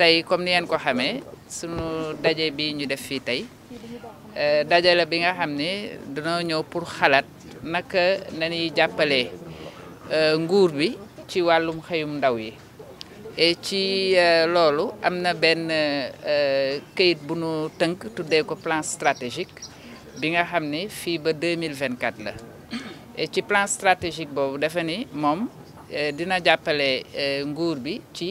tey comme ni ngeen ko xamee sunu daje bi ñu def fii tey euh, daje la bi nga xam ne danoo ñëw pour xalaat naka nañuy jàppalee euh, nguur bi ci wàllum xëyum ndaw yi et ci euh, loolu am na benn kayit bu nu tënk tuddee ko plan stratégique bi nga xam ne fii ba 2024 la ci plan stratégique boobu dafa ni moom dina jàppale nguur bi ci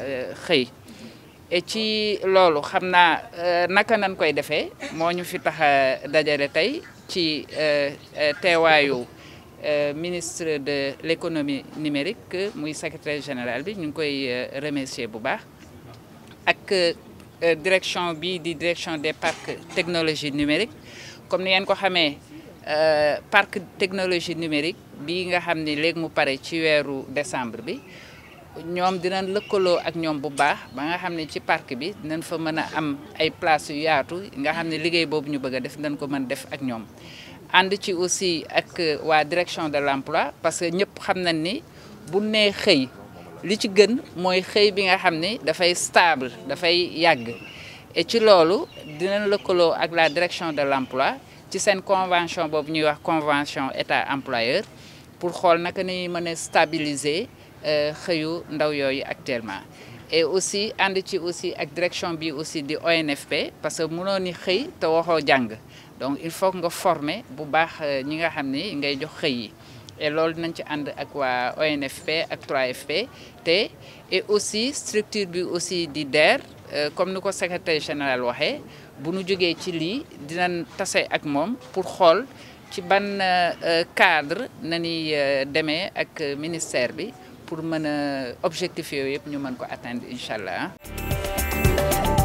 Et ci loolu xamna euh, naka nan koy defee moñu fi tax dajalé tay ci euh, euh, ministre de l'économie numérique muy secrétaire général bi ñu koy remercier bu baax ak direction bi di direction des parcs technologie numérique comme ni ngeen ko xamé parc technologie numérique bi nga xamni ni mu paré ci wéru décembre bi ñom dinañ lekkolo ak ñom bu baax ba nga xamné ci parc bi dinañ fa mëna am ay place yu yaatu nga xamné ne liggéey boobu ñu bëgg def dinañ ko mëna def ak ñom and ci aussi ak euh, wa direction de l'emploi parce que ñëpp xamnañ ni bu né xey li ci gën moy xey bi nga xamné da fay stable da fay yàgg et ci lolu dinañ lekkolo ak la direction de l'emploi ci sen convention bobu ñuy wax convention état employeur pour xol naka ni mëna stabiliser euh, xeyu ndaw yooyu actuellement et aussi ànd ci aussi ak direction bi aussi di ONFP parce que mënoo ni xëy te waxoo jàng donc il faut nga former bu baax euh, ñi nga xam ni ngay jox xëy yi et loolu nañ ci ànd ak waa ONFP ak 3FP te et aussi structure bi aussi di DER euh, comme ni ko secrétaire général waxee bu nu jógee ci lii dinañ tase ak moom pour xool ci ban cadre na ñuy demee ak ministère bi pour mën a objectif yooyu yëpp ñu mën ko atteindre incha allah.